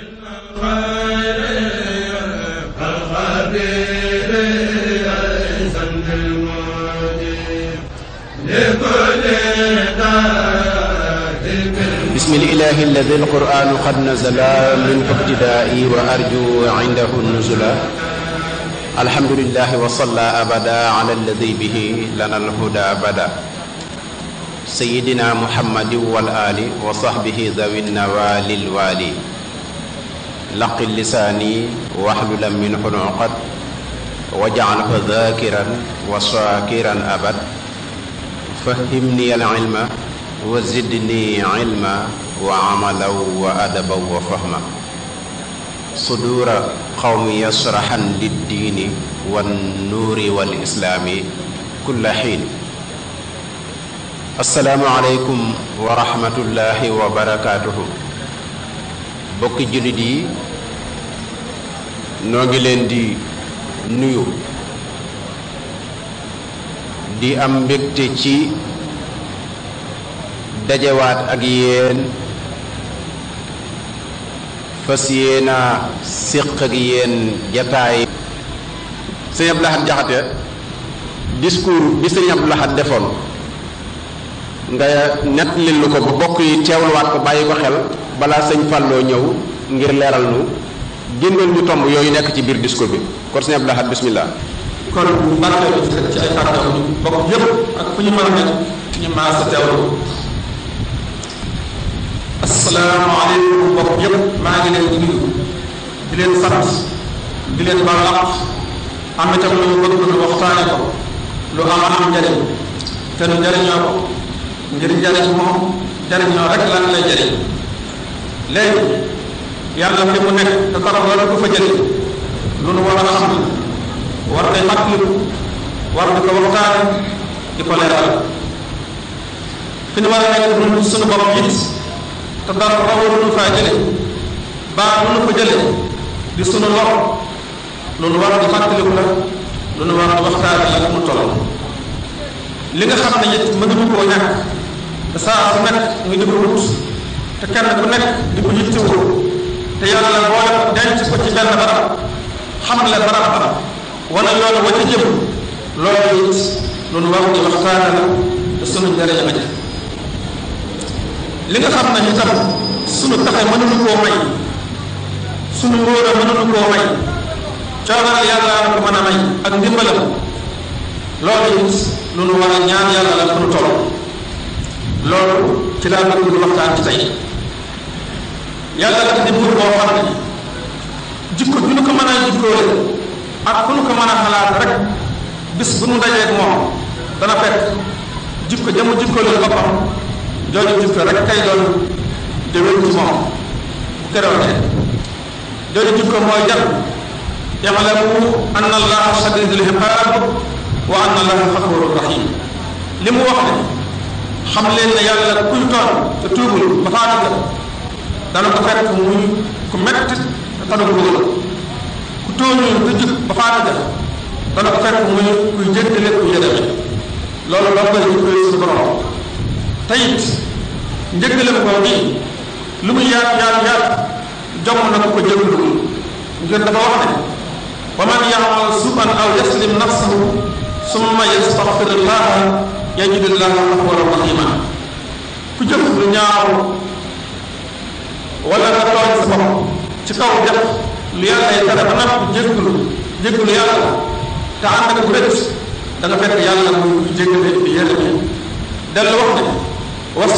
بسم الإله الذي القرآن قد نزل من ابتدائي وأرجو عنده النزل الحمد لله وصلى أبدا على الذي به لنا الهدى أبدا سيدنا محمد والآل وصحبه ذوي النوال الوالي لق لساني واحلل منه العقد واجعله ذاكرا وشاكرا أبد فهمني العلم وزدني علما وعملا وأدبا وفهما صدور قوم يشرحا للدين والنور والإسلام كل حين السلام عليكم ورحمة الله وبركاته bokki julit yi noo ngi leen di nuyu di am mbégte ci dajewaat ak yéen fas yéena séq ak yéen jataay sëñ abdoulahad jaxate discours bi sëñ abdoulahad defoon nga net lu ko bu bokk yi teewluwaat ko bàyyi xel bala señ fallo ñew ngir leral lu génneel lu tomb yooyu nekk ci bir disco bi kon sëñ abdulahat bismillah kon bu barkee ko ci ay fàttam ñu bok yépp ak fu ñu mëna a nekk ñu ma sa assalamu alaykum bok yépp ma ngi leen di nuyu di leen sant di leen baal ak am ci lu ko ko lu ko lu am am njariñ te nu ñoo ko ngir njariñ moom jariñoo rek lan lay jariñ léegi yàlla fi mu nekk te dara war ko fa jëlee lu nu war a xam war koy fàttaliku war di ko waxtaan di ko leeral fi nu war a nekk lu suñu bopp it te dara rawatul faa jëlee baax lu nu fa jëlee di sunu lor lu nu war di fàttaliku la lu nu war di waxtaan la mu toll li nga xam ne it mënuñu koo ñàkk te saa su nekk nga di wut te kenn bu nekk di ko yittewoo te yàlla la boole denc ko ci benn barab xam le barab ba wala yoon ca jëm loolu lu nu war di waxtaane la te sunu njëriñ la li nga xam ne itam sunu taxe mënuñu koo may sunu ngóora mënuñu koo may coobaral yàlla ko mën a may ak ndimbalam loolu it lu nu war ñaan yàlla la fu nu toll loolu ci laa bëgg lu waxtaan ci tey yàlla daf di buur boo jikko ju nu ko mën a ak fu nu ko mën a xalaat rek bis bu nu dajeeg moom dana fekk jikko jamu jikkoole boppam jooju jikko rek kay doon te wér ci moom bu keroogee jooju jikko mooy jat ya'lamu anna allaha shadidul iqaab wa anna allaha xafurur rahim li mu wax ne xam leen ne yàlla kuy tooñ te tuubul ba faatu dana ko fekk muy ku metti te ko dugal ku tooñu du jub ba faatu ja dana ko fekk muy kuy jëndale ku yëgale loolu la koy koy suñu borom tayit njëggalam ko bi lu mu yaat yaat yaat jomm na ko ko jëndul ngir dafa wax ne wa man ya'mal su'an aw yaslim summa yastaghfir Allah yajid Allah rahima ku jëf lu wala nga tooñ sa bopp ci kaw def lu yàlla ay tere ba noppi jéggulu jéggulu yàlla te ànd ak rëcc da nga fekk yàlla mu jéggale di yërëme dellu wax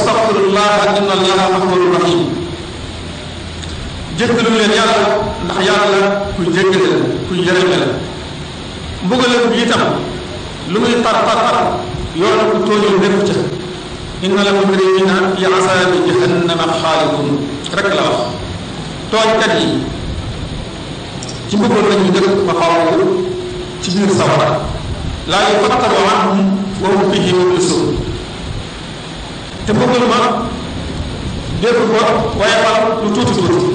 ne leen yàlla ndax yàlla ku jéggale la ku yërëme la mbugalam bi itam lu muy tar tar tar yoonu ku tooñul nekku ca inna la mujrimina fi asabi jahannama xaalidun rek la wax tooñkat yi ci mbugal lañu dëkk fa xaw ci biir sawara laa yufattaru anhum wa hum fihi mublisun te mbugal ma dégg ko waaye fal lu tuuti tuuti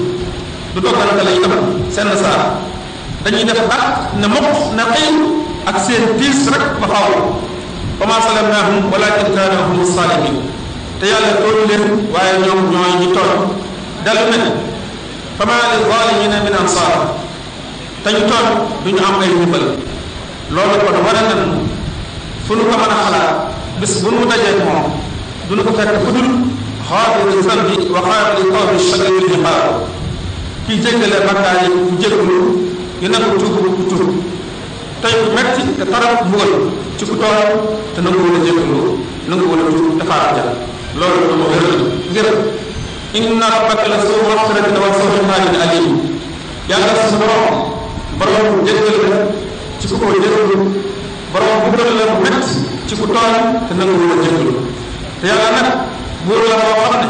du doggalante lay def seen saar dañuy def ak na mokk na xëy ak seen rek ba xaw wa maa salamnaahum walaakin kaanu hum saalimiin te yàlla tooñu leen waaye ñoom ñooy ñi tooñ dellu nañ fa maa li zaalimiina min ansaar te a tooñ du loolu kon war a nan fu nu ko mën a xalaat bis bu nu dajee moom du ko fekk fu dul xaafiri zambi wa xaafiri tawbi shadidil iqaab ki jéggale bakkaar yi ku jéggulu yu nekk tuub ku tuub tey metti te taraf mbugal ci ku tooñ te nangu woon a jéggalu nangu woon a tuub dafaat ja loolu dama wéral ngir inna rabbaka la suu maxfiratin wa suu xaarin alim yàlla su borom borom jéggal la ci ku ko jéggalu borom buggal la bu mett ci ku tooñ te nangu woon a jéggalu te yàlla nag buur la boo xam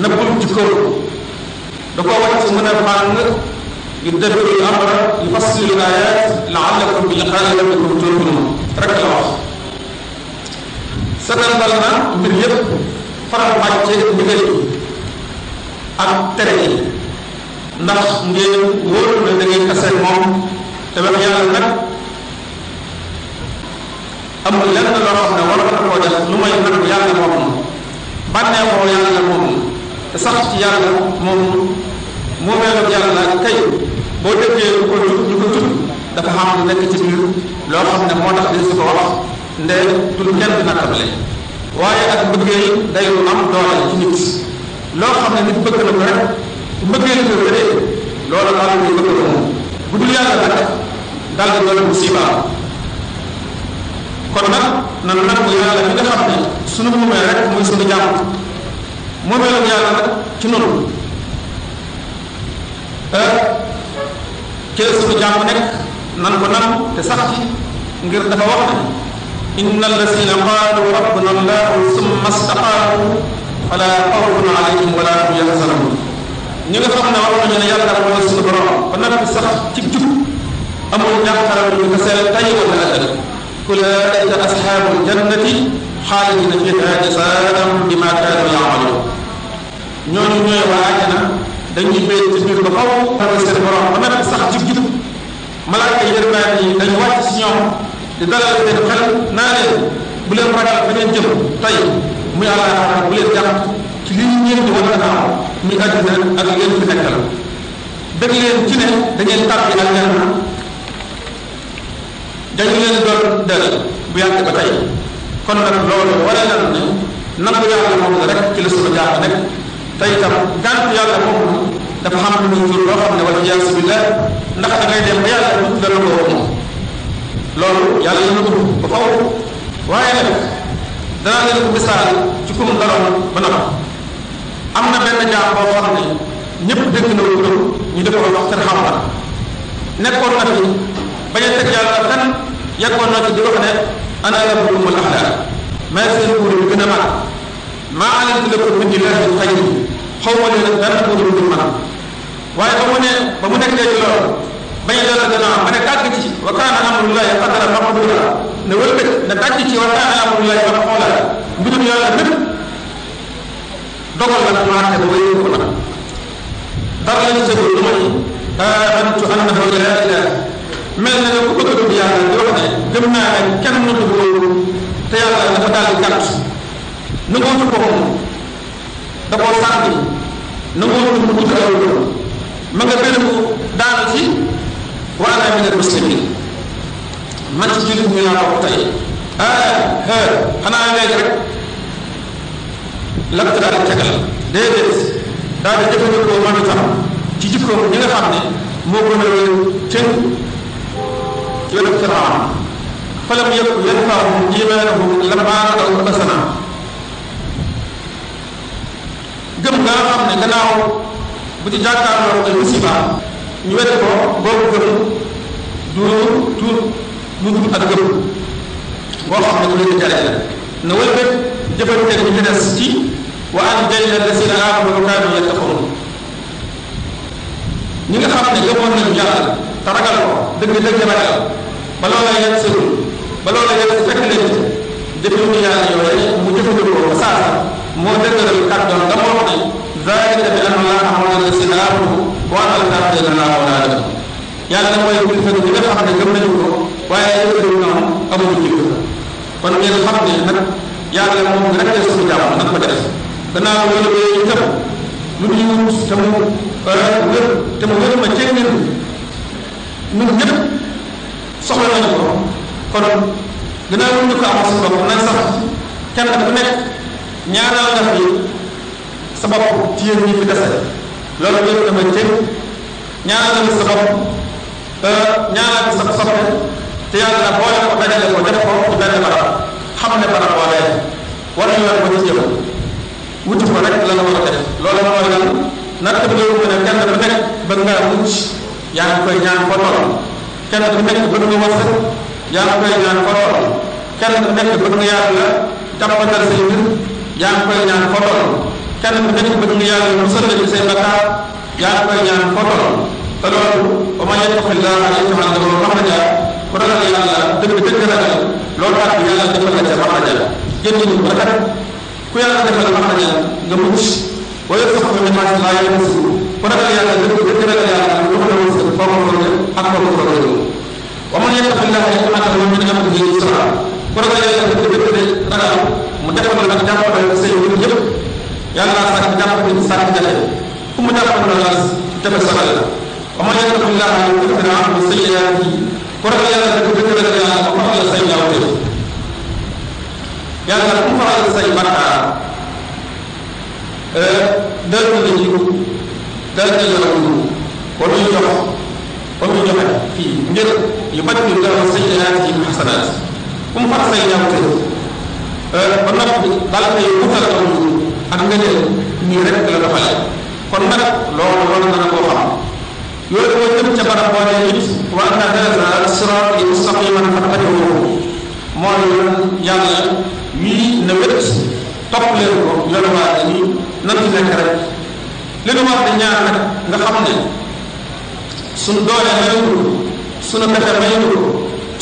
ne nëbbul jikkoom da koo wàcc mën a màng yudabbiru l amra yufassilu l ayat laallakum bi liqaa'i rabbikum tuuqinuun rek la wax na mbir yëpp faram fàcce ndigal yi ak tere ndax ngeen wóoru na da ngay tase te wax yàlla nag amul lenn loo xam war na koo def lu may nag moom na bànneexoo yàlla moom na te sax ci yàlla moom moomeelu yàlla kay boo déggee ko ñu ko tudd dafa xam lu nekk ci biir loo xam ne moo tax di su ko wax nde du kenn du nattable waaye ak mbëggeel day lu am doole ci nit loo xam ne nit bëgg na ko rek bu mbëggeel ko rek loolu daal muy bëgg na moom bu dul yàlla nag daal di doon musiba kon nag nan nag yàlla mi nga xam ne sunu moomee rek muy sunu jàmm moomee yàlla nag ci noonu euh, ci la sunu jàmm nekk nan ko nangu te sax ci ngir dafa wax ne inna alladhina qalu rabbuna allah thumma istaqamu fala khawfun alayhim wala hum yahzanun ñi nga xam ne wax nañu ne yàlla mooy suñu borom ba nag sax ci jub amul ñàkkara ñu ko seel tay wala ëllëg أولئك أصحاب الجنة خالدين فيها جزاء بما كانوا يعملون ñooñu ñooy waa àjjana dañuy béy ci biir ba xaw tawal seen borom ba nag sax ci jub malaaka yërmaane yi dañu wàcc si ñoom di dalal seen xel naa leen bu leen ragal fa ngeen jëm tey muy àllaaxira bu leen jàpp ci li ngeen di war a gaaw muy àddina ak ngeen fi nekkal bëgg leen ci ne da ngeen tàbbi ak leen dañu leen doon dal bu yàgg ba tey kon nag loolu waree na ne nangu yàlla moom la rek ci la suñu jaax nekk tey itam gàntu yàlla moom dafa xam lu ñu loo xam ne wala yaa si billah ndax da ngay dem ba yàlla dund dana ko wax moom loolu yàlla dana ko dund ba faw waaye nag danaa leen ko misaal ci kum daroon ba na am na benn jaam boo xam ne ñëpp dégg na lu dëgg ñu dafa wax seen xam-xam nekkoon na fi bañ a teg yàlla fenn yeggoon na ci di wax ne ana la bu dum al maa seen buur bi gën a mag maa alantu lakum min ilahin xayri xaw ma leen ak benn buur bi man waaye ba mu ne ba mu nekkee ci loolu bañ loolu dana am ma ne tàgg ci wa kaana amrullahi qadara maqdura ne wëlbët ne tàgg ci wa kaana amrullahi maqdura mbirum yàlla lépp dogal la mu àtte ba wéyee ko nag dara la ñu sëgul lu ma ni aantu annahu laa ilaha mel na ne ku bëgg dugg yàlla di wax ne gëm naa ne kenn na dugg loolu te yàlla dafa daal di gàtt nangoo ci boppam da koo sànni nangoo ci mu dugg ma nga gën a ko daanal waa ana minal muslimin man ci jullit ñu laa bokk tey eh, eh, xanaa léegi rek la ko daal di tegal déedéet daal di jëfandikoo moom itam ci jikkoom ñi nga xam ne moo gën a leen tënk yoonu Firawn falam yëpp yan faamu iimaanahum gëm nga xam ne gannaaw bu ci jàkkaarloo ay musiba ñu wet ko boobu gëm duur tuur lu dul ak gëm boo xam ne lu leen jariñ na wël bët jëfante ñu ñi nga xam ne gëmoon nañu yàlla te ragal ko dëgg dëgg ragal ba loola yàlla sëlul ba loola yàlla fekk leen ci jëfee ñu yàlla yooyu mu jëfandikoo ba saa moo dëggal kàddoon nga moo ne zalika bi anna Allaha xamal na si naaru wa anna al-kaafiriina laa mawlaa lahum yàlla mooy bu ñu fekk ñi nga xam ne gëm nañu ko da li nga noonu amuñu ci ko kon ngeen xam ne nag yàlla moom rek la suñu jàmm nag ko def gannaaw loolu ba ñu tëb lu ñu te mu wér te mu wér ma ceeb ñun ñun ñëpp soxla nañu ko kon gannaaw ñu ko amal suñu bopp nag sax kenn ku sa bopp ci yéen ñi fi dese loolu yëpp dama cër ñaanal sa bopp ñaanal sa soppe te yàlla boole ko dajale ko def ko ci benn barab xam ne barab boo dee war ñu yor ko ci jëf wuti ko rek la la war a def loolu mooy lan natt bi yow ne kenn bu nekk ba nga mucc yaa ngi koy ñaan ko toll kenn bu nekk bëgg nga wasa yaa ngi koy ñaan ko toll kenn bu nekk bëgg nga yàlla jàppatal say mbir yaa ngi koy ñaan ko toll kenn ku nekk bëgg nga yàlla musal ci bakkaar yaa koy ñaan fotol te loolu ba ma yëpp xel laa ak yëpp xel loolu wax na jaar ragal yàlla dëgg dëgg ragal loolu tax yàlla defal la ca wax na jaar ñu ko rafet ku yàlla defal wax na nga mucc wa yëpp sax laa yëpp ragal yàlla dëgg dëgg ragal yàlla lu ko ak ko wa yëpp xel loolu ñu am ko ragal yàlla dëgg dëgg ragal mu defal la jàppale yëpp yalla sax japp ni sax jappé ku mu japp na la te ba sagal wa man yakun billahi an yakfira anhu sayyi'ati ko rafa yalla ko ko ko yalla ko fa la say yaw yalla ku fa la say barka euh dal ko ni ko dal ko la ko ko ni jox ko ni jox fi ngir yubaddilu fa euh ba dal ko ko ko അങ്ങനെ നിരക്കുള്ള ഫലം കൊണ്ട ലോകം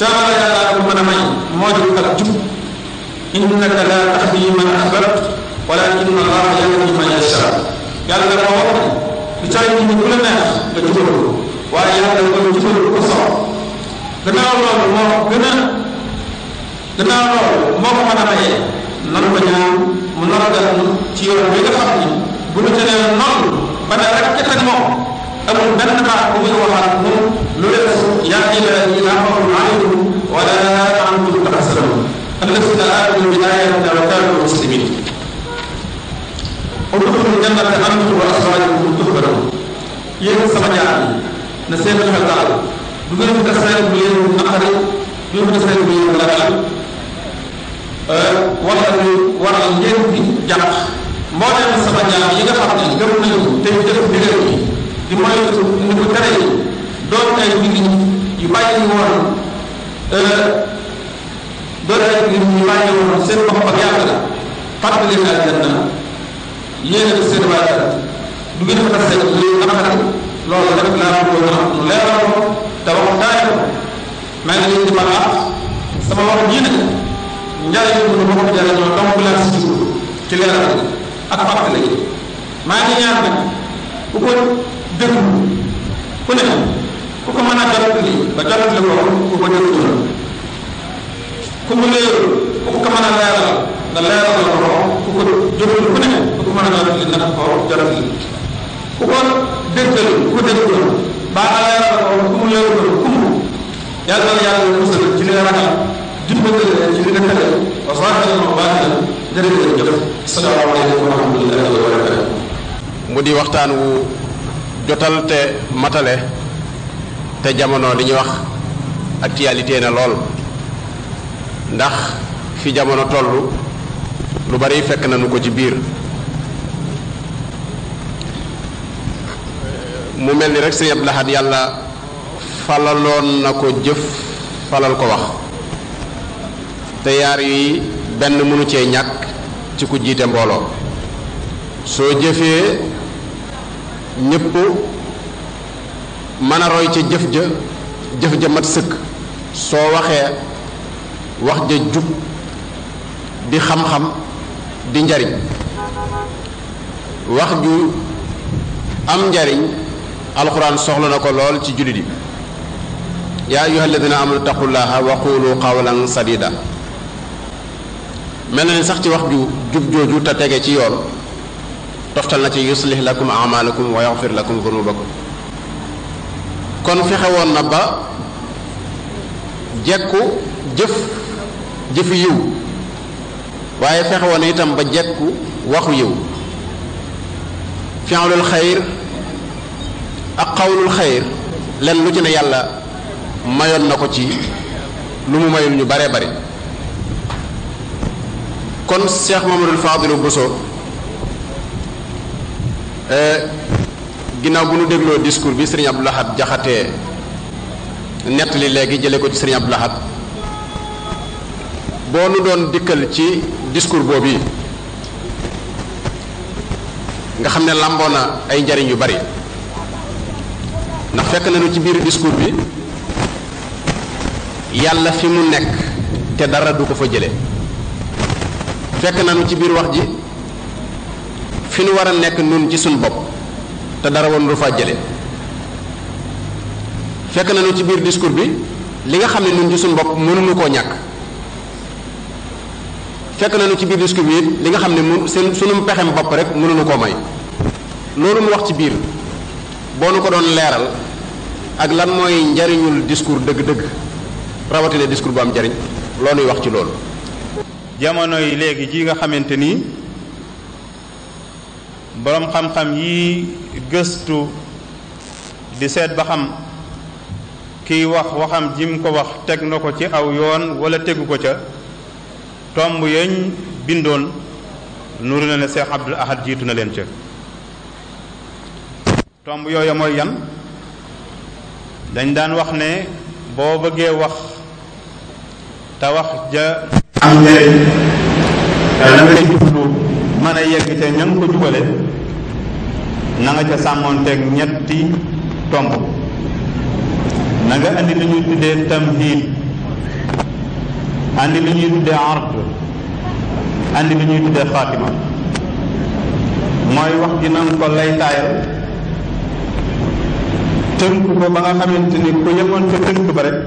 ചാരയാകുമനമായി മോചിക്കും ഇന്നലെ അഹബർ ولكن الله يهدي من يشاء قال لك وقت بتاعي من كل الناس بتقول وأي هذا يقول يقتلوا القصر لما الله ربنا لما الله ما هو أنا معي نرجع ونرجع تيار بيد خبري بنتنا نقل بنا ركتنا مو أبو بنا كم الوحد لولس يا إلى إلى أمر عليكم ولا أنتم تحسنون الذين آمنوا بالآية وتابعوا jannata amatu wa asxaajakum tuxbaru yéen sama jaam yi na seen xel daal du ngeen fi tasaare bu leen naqari du ngeen fi tasaare bu leen ragal wala lu waral ngeen fi jàpp mbooleem sama jaam yi matale te jamono li ñu wax actualité na lool ndax fi jamono tollu lu bari fekk nañu ko ci biir mu melni rek sëriñ abdallah yalla falalon nako jëf falal ko wax te yar yi ben mënu ci ñak ci ku jité mbolo so jëfé ñepp mën a roy ca jëf ja jëf ja mat sëkk soo waxee wax ja jub di xam-xam di njariñ wax ju am njariñ alxuraan soxla na ko lool ci jullit yi yaa ayyuha alladina amanu taqullaha wa qulu qawlan sadida mel na ni sax ci wax ju jub jooju te tege ci yoon toftal na ci yuslih lakum amalakum wa yaxfir lakum dunubakum kon fexewoon na ba jekku jëf jëfu yiw waaye fexe woon itam ba jekku waxu yiw fi'lul xayr ak xawlul xayr lenn lu ci ne yàlla mayoon na ko ci lu mu mayul ñu bare bare kon Cheikh Mamadou Fadilou Bousso euh, ginnaaw bu nu dégloo discours bi sëriñ laxat Lahad Jaxate nettali léegi jële ko ci sëriñ Abdou boo nu doon dikkal ci discours boobu nga xam ne làmboo na ay njariñ yu bari ndax fekk nañu ci biir discours bi yàlla fi mu nekk te dara du ko fa jële fekk nañu ci biir wax ji fi nu war a nekk nun ci suñ bopp te dara woon lu fa jële fekk nañu ci biir discours bi li nga xam ne ñun ci suñu bopp mënuñu koo ñàkk fekk nañu ci biir discours bi li nga xam ne mu seen sunu pexem bopp rek mënuñu koo may loolu mu wax ci biir boo nu ko doon leeral ak lan mooy njariñul discours dëgg-dëgg rawatina discours bu am njariñ loo nuy wax ci loolu. jamono yi léegi ji nga xamante ni. boroom xam-xam yi gëstu di seet ba xam kiy wax waxam jim ko wax teg na ko ci aw yoon wala tegu ko ca tomb yañ bindoon nuru na ne Cheikh jiitu na leen ca tomb yooyu mooy yan dañ daan wax ne boo bëggee wax te wax ja am njëriñ te la mën a yegg te ña ko jubale nanga nga ca sàmmoonteeg ñetti tomb na nga andi lu ñuy tuddee tamhiid andi lu ñuy tuddee ard andi lu ñuy tuddee xaatima mooy wax ji na nga ko laytaayal tënk ko ba nga xamante ni ku yemoon ca tënk ba rek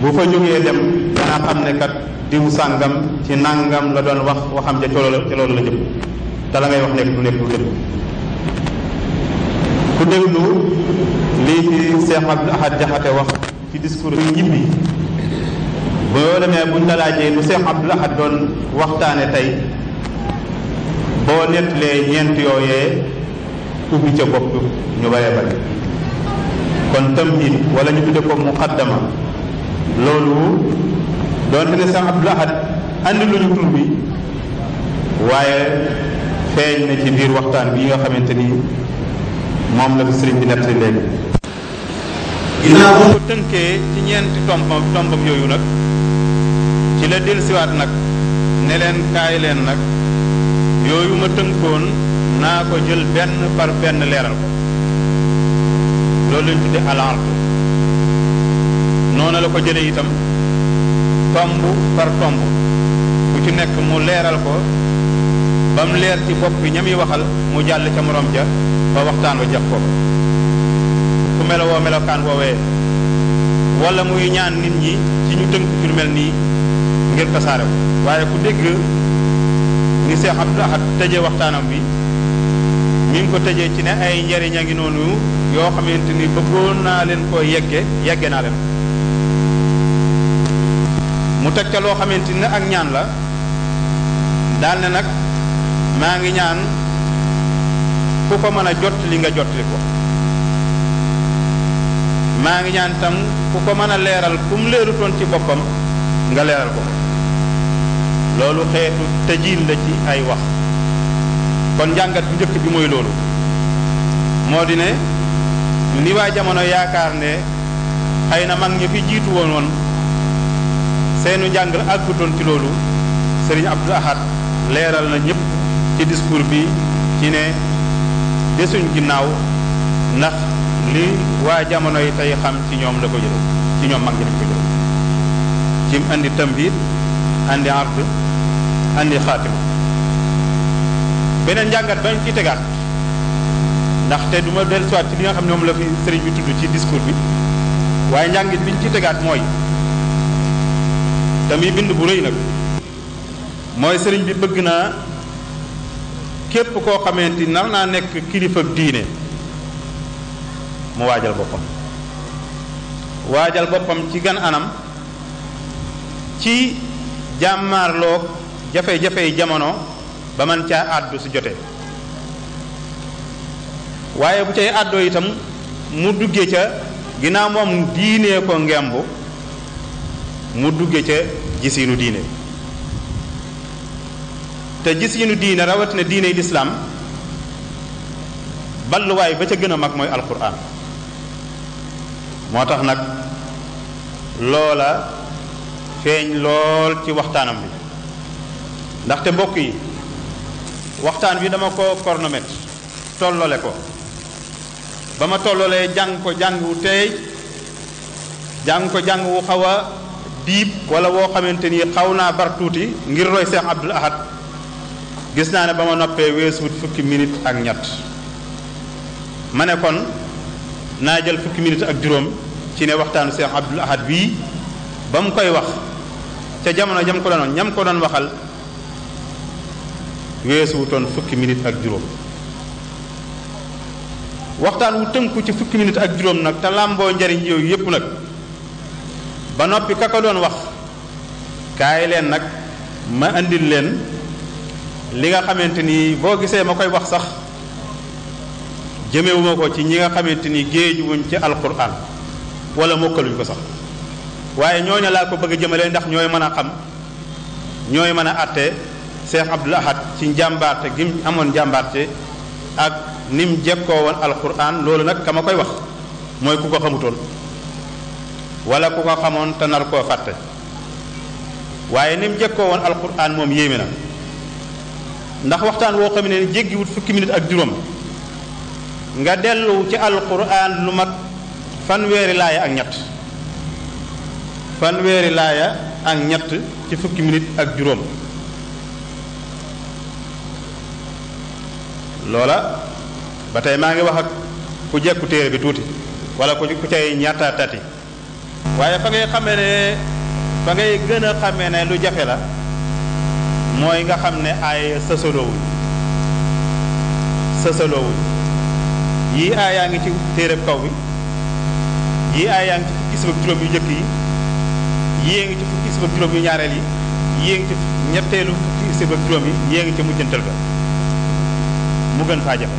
bu fa jógee dem danaa xam ne kat diw sàngam ci nàngam la doon wax waxam ja ci loolu la jëm te la ngay wax nekk du nekk du dëgg ku déglu lii fi Cheikh Abdou Ahad Jaxate wax ci discours bi ñibbi boo demee buñ la laajee lu Cheikh Abdou Ahad doon waxtaane tey boo nettalee ñeent yooyee ubbi ca bopp ñu bare bare kon tamhid wala ñu tudde ko muqaddama loolu doonte ne Cheikh Abdou Ahad andi lu ñu tur bi waaye feeñ na ci biir waxtaan bi nga xamante ni moom la fi sëriñ bi nettali léegi. ginnaaw bu ko tënkee ci ñeenti tombam tombam yooyu nag ci la dellusiwaat nag ne leen kaay leen nag yooyu ma tënkoon naa ko jël benn par benn leeral ko loolu lañ tudde alaar noonu la ko jëlee itam tomb par tomb bu ci nekk mu leeral ko. ba mu leer ci bopp bi ña waxal mu jàll ca moroom ja ba waxtaan wa jeex ko ku melowoo melokaan woowee wala muy ñaan nit ñi ci ñu tënk ci lu mel nii ngir tasaare ko waaye ku dégg ni Seex Abdul Ahad tëjee waxtaanam bi mi ko tëje ci ne ay njariñ ngi noonu yoo xamante ni bëggoon naa leen ko yegge yegge naa leen mu teg ca loo xamante ni ak ñaan la daal ne nag maa ngi ñaan ku ko mën a jot li nga jotli ko maa ngi ñaan tam ku ko mën a leeral ku leerutoon ci boppam nga leeral ko loolu xeetu tëjiin la ci ay wax kon njàngat bu njëkk bi mooy loolu moo di ne ni waa jamono yaakaar ne xëy na mag ñi fi jiitu woon woon seenu njàng àggutoon ci loolu Sëriñ Abdul Ahad leeral na ñëpp ci discours bi ci ne desuñ ginnaaw ndax li waa jamono yi tey xam ci ñoom la ko jël ci ñoom mag ñi ko jël ci andi tambir andi ard andi xaatima beneen njàngat bañ ci tegaat te du ma dellusiwaat ci li nga xam ne la fi sëriñ bi tudd ci discours bi waaye njàngit biñ ci tegaat mooy damuy bind bu rëy nag mooy sëriñ bi bëgg naa képp koo xamante ni nar naa nekk kilifa diine mu waajal boppam waajal boppam ci gan anam ci jàmmaarloo jafe-jafey jamono ba man caa àddu su jotee waaye bu cay àddoo itam mu dugge ca ginnaaw moom diinee ko ngemb mu duggee ca gisiinu diine te gis yinu diine rawatina diine lislaam balluwaay ba ca gën a mag mooy alquran moo tax nag loola feeñ lool ci waxtaanam bi ndaxte mbokk yi waxtaan bi dama ko cornomètre tollole ko ba ma tollolee jàng ko jàng wu teey jàng ko jàng wu xaw a diib wala woo xamante ni xaw naa bar tuuti ngir roy Seex Abdul Ahad gis naa ne ba ma noppee weesuwut fukki minute ak ñett ma ne kon naa jël fukki minit ak juróom ci ne waxtaanu Cheikh Abdoul Ahad bii ba mu koy wax ca jamono jam ko doon ñam ko doon waxal weesuwutoon fukki minute ak juróom waxtaan wu tënku ci fukki minit ak juróom nag te làmboo njariñ yooyu yépp nag ba noppi ka ko doon wax kaay leen nag ma indil leen li nga xamante ni boo gisee ma koy wax sax jëmewuma ko ci ñi nga xamante ni géej wuñ ci alquran wala mokkaluñ ko sax waaye ñoo ñooñu laa ko bëgg a jëmale ndax ñooy mën a xam ñooy mën a àtte Cheikh Abdoul Ahad ci njàmbaarte gi mu amoon njàmbaarte ak ni mu jekkoo woon alquran loolu nag ka ma koy wax mooy ku ko xamutoon walla ku ko xamoon te koo fàtte waaye ni mu jekkoo woon alquran moom yéeme na. ndax waxtaan woo xam ne jéggiwut fukki minute ak juróom nga dellu ci alquran lu mag fanweeri laaya ak ñett fanweeri laaya ak ñett ci fukki minit ak juróom loola ba tey maa ngi wax ak ku jekku téere bi tuuti wala ku ku cay ñaataatati waaye fa ngay xamee ne fa ngay gëna a ne lu jafe la mooy nga xam ne aaya sësaloowuñ sësaloowuñ yii yaa ngi ci téereb kaw bi yii aayaa ngi ci fukki isbak juróom yu njëkk yi yii ngi ci fukki isbak juróom yu ñaareel yi yii ngi ci ñetteelu fukki isbak juróom yi yii ngi ci mujjantal ba mu gën faa jafe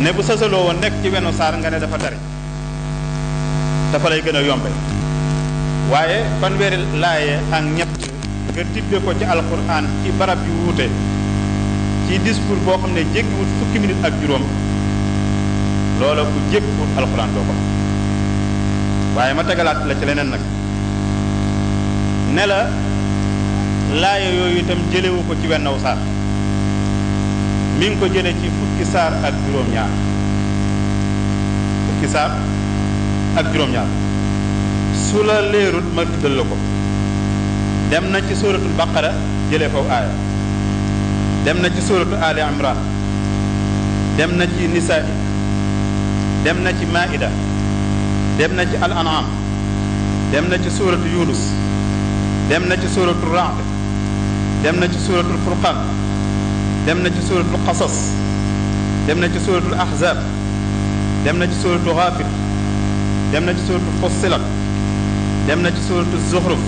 ne bu sësaloo woon nekk ci wenn saar nga ne dafa tari dafa lay gën a yombe waaye fanweeri laaye ak ñett nga tibbee ko ci alquran ci barab yu wuute ci discours boo xam ne jéggiwut fukki minute ak juróom loola ku jéggiwut alquran doo ko waaye ma tegalaat la ci leneen nag ne la laaya yooyu itam jëlewu ko ci wennaw saar mi ngi ko jële ci fukki saar ak juróom-ñaar fukki ak juróom su la leerut ma tuddal la ko dem na ci suratul baqara jele faw aya dem na ci suratul ali imran dem na ci nisa dem na ci maida dem na ci al anam dem na ci suratul yunus dem na ci suratul ra'd dem na ci suratul furqan dem na ci suratul qasas dem na ci suratul ahzab dem na ci suratul ghafir dem na ci suratul fussilat dem na ci suratul zukhruf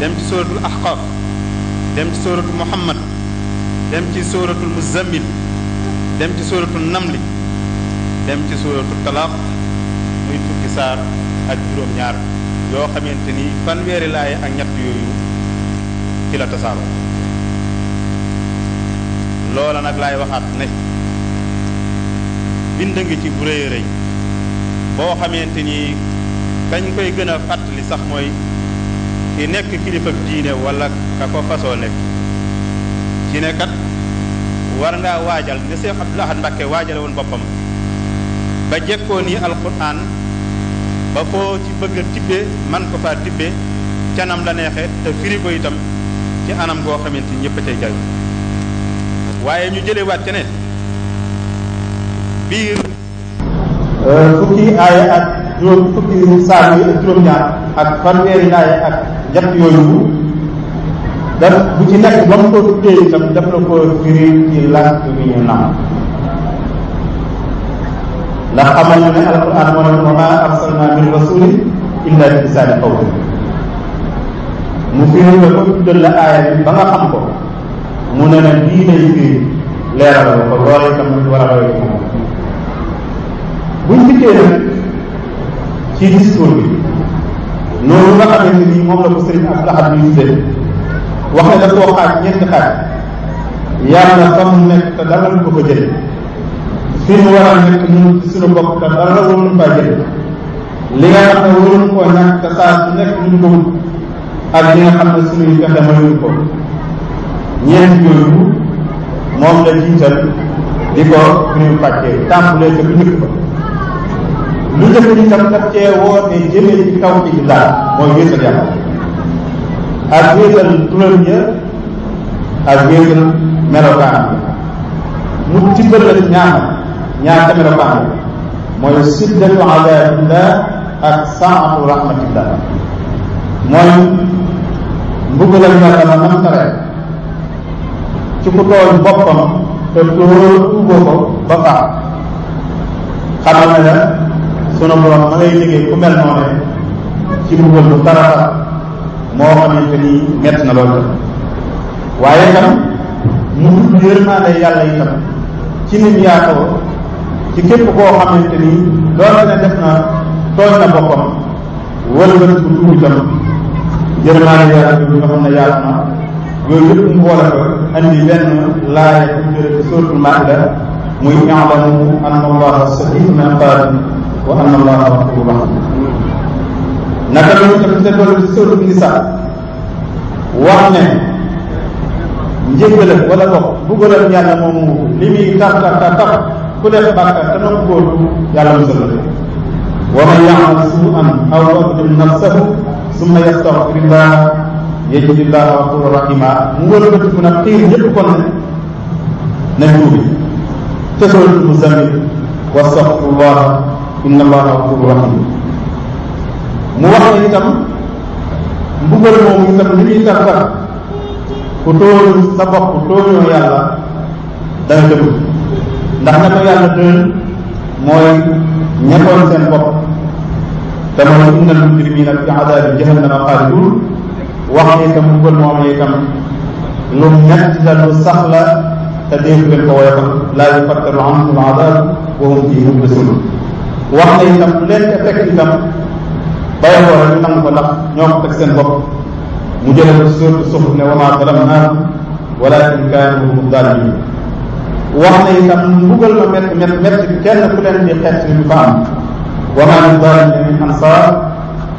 dem ci sóoratul ahqaaf dem ci sóoratul muhammad dem ci sóoratul muzammil dem ci sóoratul namli dem ci sóoratul talaaq muy fukki saar ak juróom-ñaar yoo xamante ni fanweeri laay ak ñett yooyu ci la tasaaroo loola nag laay waxaat ne bind ngi ci bu rëy rëy boo xamante ni kañ koy gën a fàttali sax mooy ki nekk kilifa diine wala ka ko fasoo nekk ci ne war ngaa waajal ne Seex Abdul Ahad Mbàkke waajale woon boppam ba yi nii alquran ba foo ci bëgg tibbee man ko faa tibbee canam la neexee te firi itam ci anam goo xamante ñëpp a cay jariñ waaye ñu jëlee waat ne biir fukki aaya ak juróom fukki saar juróom-ñaar ak fanweeri aaya ak ñett yooyu daf bu ci nekk ba mu ko tuddee itam daf la ko firi ci làkk bi ñu naan ndax xamal ñu ne alquran moo ne wa ma arsalna min rasulin illa bi lisaani qawmi mu firi la ko tuddal la aaya bi ba nga xam ko mu ne ne bii lay firi leeral ko loolu itam war a roy ci moom buñ dikkee nag ci discours noonu nga xamante ne nii moom la ko sëriñ Abdul Ahad ñu tuddee wax ne daf xaaj ñetti xaaj yàlla fa mu nekk te dara du ko fa fi mu war a nekk ñun ci suñu bopp te dara waruñu faa jëlee li nga xam ne waruñu koo ñàkk te saa su nekk ñu ko wut ak li nga xam ne suñuy pexe mayuñu ko ñeent yooyu moom la jiital di ko suñu pàccee tàmbalee ca bu njëkk ba. lu jëfe ni tam daf cee woote jëmee ci kaw ci bidaa mooy wéetal yàlla ak wéetal turam ya ak wéetal melokaan mu tibbal la ñaar ñaar ca melokaan mooy siddatu adaabillah ak saatu rahmatillah mooy mbugalam yàlla nam tare ci ku tooñ boppam te tóor tuuboo ko ba faax xamal ne la sunu borom ma ngay liggéey ku mel noonu rek ci mbugal lu taratar moo xamante ni mett na loolu waaye tam mu tudd yërmaande yàlla itam ci nim yaatoo ci képp koo xamante ni loolu ne def na tooñ na boppam wala nga ko tuub itam yërmaande yàlla bi nga xam ne yaatu na yooyu yëpp mu boole ko andi benn laaya bu jëre ci suratul maida muy i'lamu anna allaha sadiqu min wa anna allaha ghafurur rahim naka la ñu def te doon sóotu nisaa wax ne njëggal wala boog buggalal yàlla moomu li muy tax tax tax ku def bàkkaar te nangu góor yàlla musal la wa man ya'mal su'an aw yadlim nafsahu summa yastaghfirullah ghafurur na te inna allaha ghafurur rahim mu wax ne itam mbugal moomu itam li muy tar tar ku tooñ sa bopp tooñoo yàlla dana dëgg ndax na ko yàlla tooñ mooy ñettoon seen bopp te mooy inna al mujrimina fi adabi jahannama xaalidun wax ne itam mbugal moom itam lu metti la lu sax la te dégg leen ko woyofal laa yufattaru anhum al adab wa hum fihi mublisun wax na itam lu leen ca fekk itam bàyyi ko rek ñu nangu ko ndax ñoo ko seen bopp mu jëlee ko surtout suuf ne wa maa zalamnaahum walakin kaanu hum zaalimiin wax na itam mbugal ma métti métti métti kenn ku leen di xeet ñu ko am wa maa min zaalimin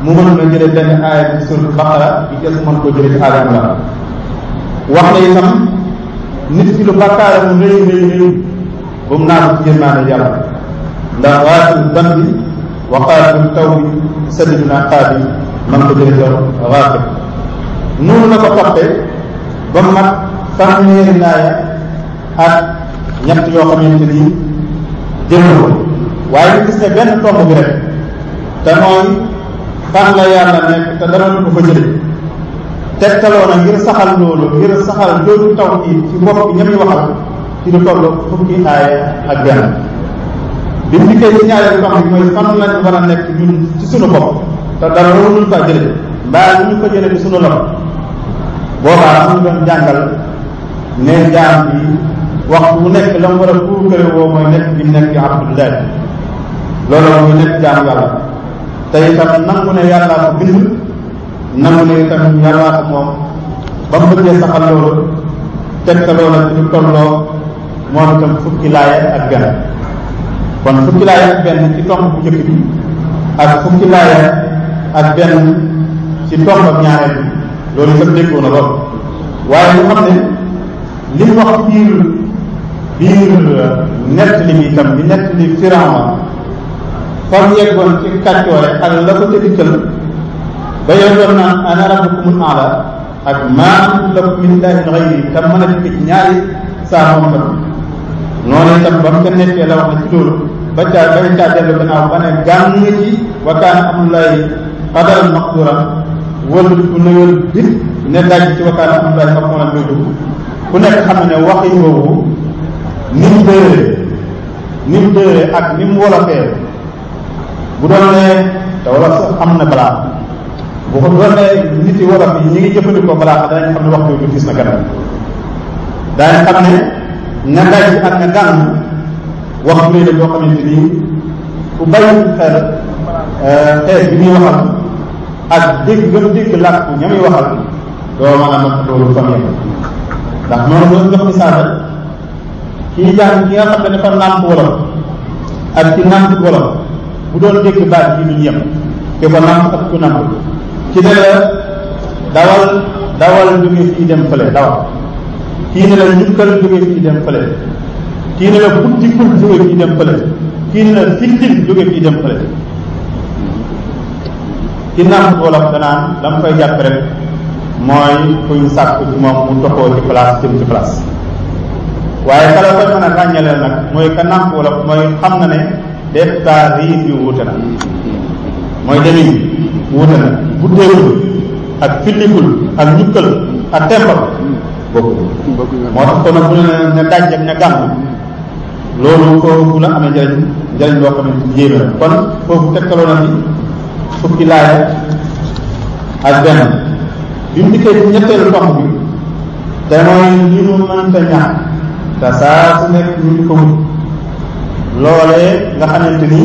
mu mën na jëlee benn aaya ci surtout baqara bi des mën koo jëlee ci aal wax na itam nit ki lu bàkkaaram rëy rëy rëy ba mu naan ci yërmaande yàlla ndax waatu dambi waqaatu taw bi sayyiduna qaabil man ko jëlee yow raafet noonu la ko toppee ba mat fanweeri laaya ak ñett yoo xamante ni jëloo waaye ñu gis ne benn tomb bi rek te fan la yàlla nekk te dara lu ko fa jëlee tegtaloo na ngir saxal loolu ngir saxal loolu taw ci ci bopp bi ñëpp ñu waxal ci lu toll fukki aaya ak benn. bi ñu dikkee ci ñaareelu tomb bi mooy fan lañ war a nekk ñun ci sunu bopp te dara warul faa jële mbaa ñu ko jële ci sunu loxo boobaa mu doon jàngal ne jaam bi waxtu wu nekk la mu war a puukare woo mooy nekk bi nekk jaam yàlla te itam nangu ne yàlla ko bind nangu ne itam yàlla moom ba mu bëggee saxal loolu teg ko loola ci lu tolloo moom itam fukki laaya ak benn kon fukki laaya ci tomb bu njëkk loolu sax déggoo na lool waaye ñu xam ne li mu wax biir biir euh, nett li bi itam bi nett fam yeggoon ci kàccoore ak la ko tëdikkal ba yeggoon naan ana rabbukumul aala ak maa antum lahu min ilaahin ghayri te mën a dikk ñaari saa moom tam noonu itam ba mu ko nekkee na ci bañ caa bañ caa dellu gannaaw ba ne gàmm nga ci wa kaana amulay qadaran maqduran wala bu nëwal bi ne daaj ci wa kaana amulay maqduran muy dugg ku nekk xam ne wax yi woowu ni mu dëgëree ni ak ni wolofee bu doon ne te wolof am na balaa bu ko doon ne nit yi wolof yi ñi ngi jëfandikoo balaa danañ xam ne wax boobu gis na kanam daañu xam ne nga daaj ak nga gàmm wax muy la boo xamante nii ku bàyyi xel euh, bi muy waxal ak dégg gën dégg làkk ña muy waxal doo mën a mat loolu fa muy ndax noonu loolu jox misaal rek kii jàng ki nga xam ne dafa nàmp wolof ak ci nàmp wolof bu doon dégg baat bi ñu yem ki ko ak ku nàmp ci ne la dawal dawal jóge fii dem fële dawal kii ne la ñukkal jóge fii dem fële kii ne la futtikul jóge fii dem fële kii ne la sittil jóge fii dem fële ci naam wolof danaan la koy jàpp rek mooy kuñ sàkk ci moom mu toxoo ci place jëm ci place waaye kala koy nag mooy ka nàmp wolof mooy xam na ne def taa riib yu wuute na mooy demin wuute na buddeewul ak fillikul ak ñukkal ak tempal moo tax kon nag bu ne ne daj ne gàmm loolu kooku la amee njariñ njariñ loo xamante ni yéeme la kon foofu tegtaloo na fi fukki laaya ak benn bi mu dikkee ñetteelu tomb bi te mooy li mu mënta ñàkk te saa su nekk ñu ngi ko wut loolee nga xamante ni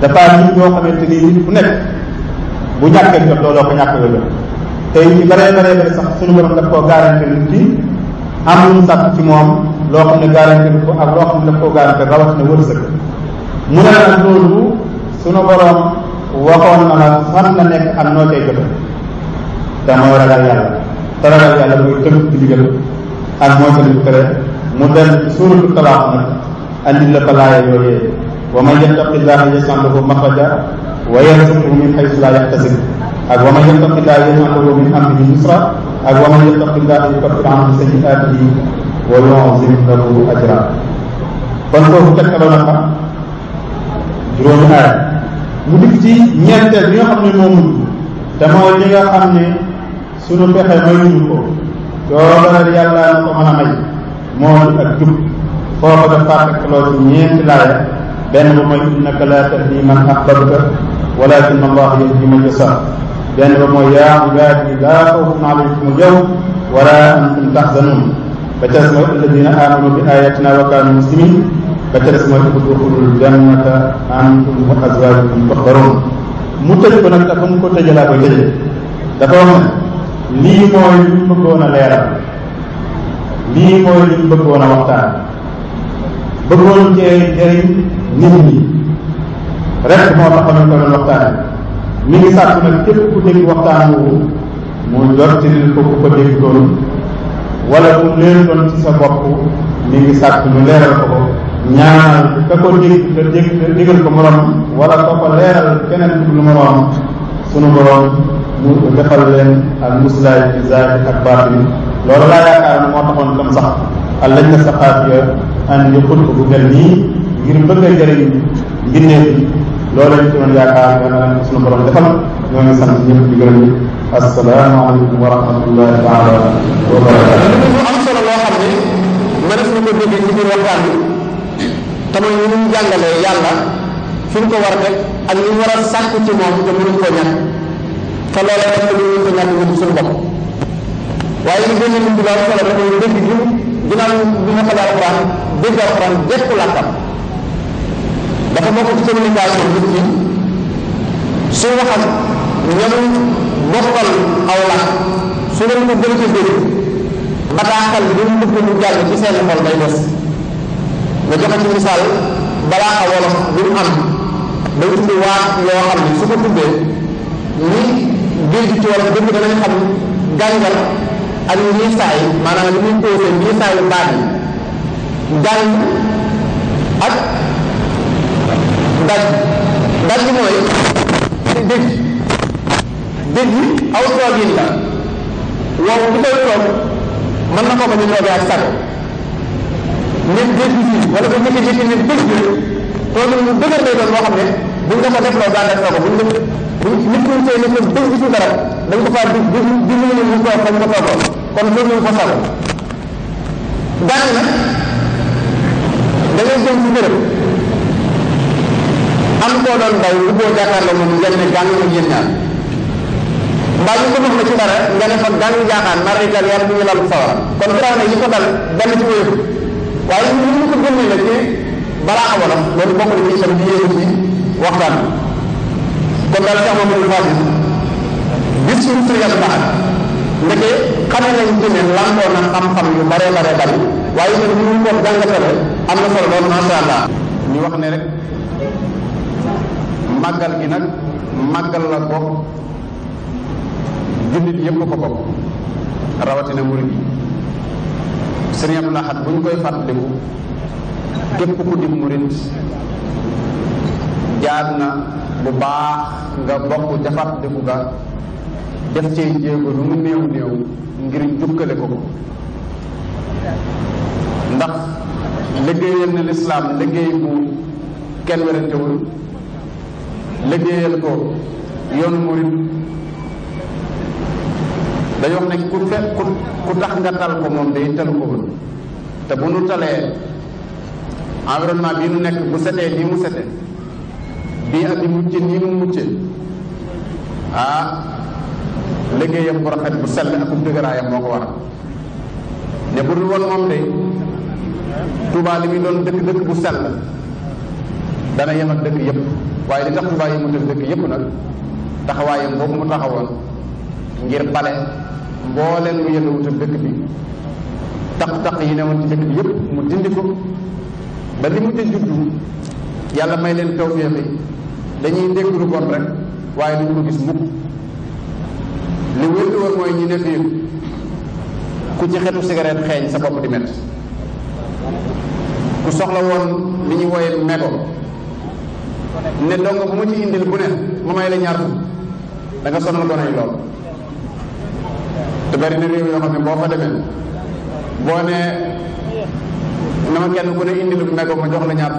dafa am nit ñoo xamante ni nekk bu ñàkkee jot looloo ko ñàkk nga jot tey ñu baree baree bare sax suñu borom daf koo garanti ki am lu mu sàkk ci moom loo xam ne garanti ko ak loo xam ne daf koo garanti rawatina wërsëg mu ne nag loolu sunu boroom waxoon na la fan la nekk ak noo cay jote te mooy ragal yàlla te ragal yàlla muy tënk ci ndigal ak mooy sa nit tere mu dem suuratu talaax nag andil la fa laaya yooyee wa man yattaqillaha yaj'al lahu makhraja wa yarzuqhu min haythu la yahtasib ak wa man yattaqillaha yaj'al lahu min amrihi yusra ak wa man yattaqillaha yukaffir anhu sayyi'atihi wa yu'zim lahu ajran kon foofu tegtaloo na fa juróomi aaya mu dikk ci ñeenteel ñoo xam ne moomuñ te mooy ñi nga xam ne sunu pexe mayuñu ko coobaral yàlla na ko mën a may moo di ak jub foofa dafa tegtaloo ci ñeenti laaya benn ba mooy innaka laa tahdi man ahbabta walakin allah yahdi man yasha benn ba mooy yaa ibaadi laa xawfun alaykum al yawm wala antum tahzanun ba ca des mooy alladina amanu bi ayatina wa kaanu muslimin ba ca des mooy udxulul jannata antum wa azwajukum tuhbaruun mu tëj ko nag dafa mu ko tëjee laa koy tëjee dafa wax ne lii mooy li mu bëggoon a leeral lii mooy li mu bëggoon a waxtaan bëggoon cee jëriñ nit ñi rek moo taxoon ko doon waxtaan mi ngi sàkk nag képp ku dégg waxtaan woowu mu jot ci ko ku ko dégg doon wala bu leerutoon ci sa bopp ñu ngi sàkk ñu leeral ko ko ñaanal ka ko dig ka dig ka digal ko moroom wala ka leeral keneen ku dul moroom sunu boroom mu defal leen ak muslaay ci zaahir ak baatin loolu laa yaakaar ne moo taxoon tam sax al lañ na saqaat ya an yu xut ku mel nii ngir bëgg a jëriñ ngir nekk loolu lañ ci yaakaar nga naan sunu boroom defal ñoo ngi sant ñëpp di gërëm asalaamaaleykum wa rahmatullahi taala wa barakaatu lu am solo loo xam ne ma def na ko déggee ci biir waxtaan bi te mooy ñu ñu jàngalee yàlla fi mu ko war a teg ak ñu war a sàkku ci moom te mënuñ ko ñàkk te loolee rek mënuñ ko ñàkk ñu suñu bopp waaye li gën a lim bi daal solo rek mooy dégg gi ginnaaw bi nga xamee alquran dégg alquran jekku làkkam dafa bokk ci communication nit ñi suñu waxal ñoom bokkal aw la su leen ko gën ci dégg bataaxal bi mu dugg mu jàll ci seen xol day des nga joxe ci ini dijual a wolof bi mu am day tudd waat yoo xam ne su ko tuddee ni ci wolof danañ xam gàngal ak maanaam li muy yi gàng ak daj daj mooy dëgg aw toogin la woowu bu koy toog na koo bañ a toogee ak sago même dëgg yi wala bu njëkk njëkk ñun dëgg la toogin mu dëgër lay doon boo xam ne buñ la ko def loo daan def na ko buñ la buñ nit ñi tey nit ñi garab dañ ko faa di di di mu ne ñu toog ko toogoon kon loolu ñu ko sago daan na da ngay jëm am koo doon daw bu boo jàkkaarloo moom ngeen ne jàng mu yéen ñaar mbaa ñu ko na ci dara nga ne fa daanu jaaxaan nar ital yàlla bu ñu lalu sawara kon firaaw ne yi ko dal benn ci wéyatu waaye ñu ñu ko génnee la ci balaa amoon ne yu bare bare bari waaye ñu ñu loolu masha Allah ñu wax ne rek màggal gi nag màggal la ko jullit yëpp ko bokk rawatina murid yi Sëriñ Abdul Ahad bu ñu koy fàttaliku képp ku di murid jaar na bu baax nga bokk ca fàttaliku ga def cee jéego lu mu néew néew ngir jukkale ko ko ndax liggéeyal na lislaam liggéey bu kenn werantewul liggéeyal ko yoonu murid dañu wax ne ku te ku tax nga tal ko moom day talu ko woon te bu nu talee environnement bii nu nekk bu setee nii mu sete bii ak yi mucc nii mu mucce ah liggéeyam bu rafet bu sell ak bu dëgëraayam moo ko waral ne bu dul woon moom li muy doon dëkk dëkk bu sell dana yem ak dëkk yëpp waaye li tax Touba yemut ak dëkk yëpp nag taxawaayam boobu mu taxawoon ngir pale mbooleen lu yenu wutal dëkk bi taq-taq yi ne woon ci bi yépp mu dindi ko ba li mu ca juddu yàlla may leen tawféex yi dañuy dégg lu bon rek waaye duñ ko gis mukk li wér woon mooy ñi ne fii ku ci xetu cigarette xeeñ sa bopp di met ku soxla woon li ñu woyee mego ne dong bu ma ci indil bu ne ma may la ñaar da nga sonal gone yi lool te bari na réew yoo xam ne boo fa demee boo ne na ma kenn ku ne lu mego ma jox la ñaar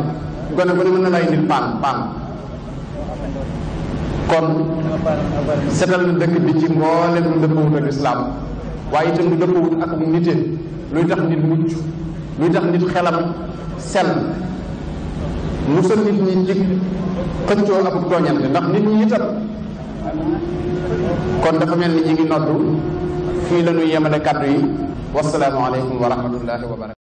gone ku ne mën na laa indil paan paan kon setal na dëkk bi ci mboolem lu dëppawut ak islam waaye itam du dëppawut ak nite luy tax nit mucc luy tax nit xelam sel musal nit ñi ci xëccoo ak tooñante ndax nit ñi itam kon dafa mel ni ñi ngi noddu fii la ñuy yemale kàddu yi wasalaamualeykum wa rahmatullahi wa barakatu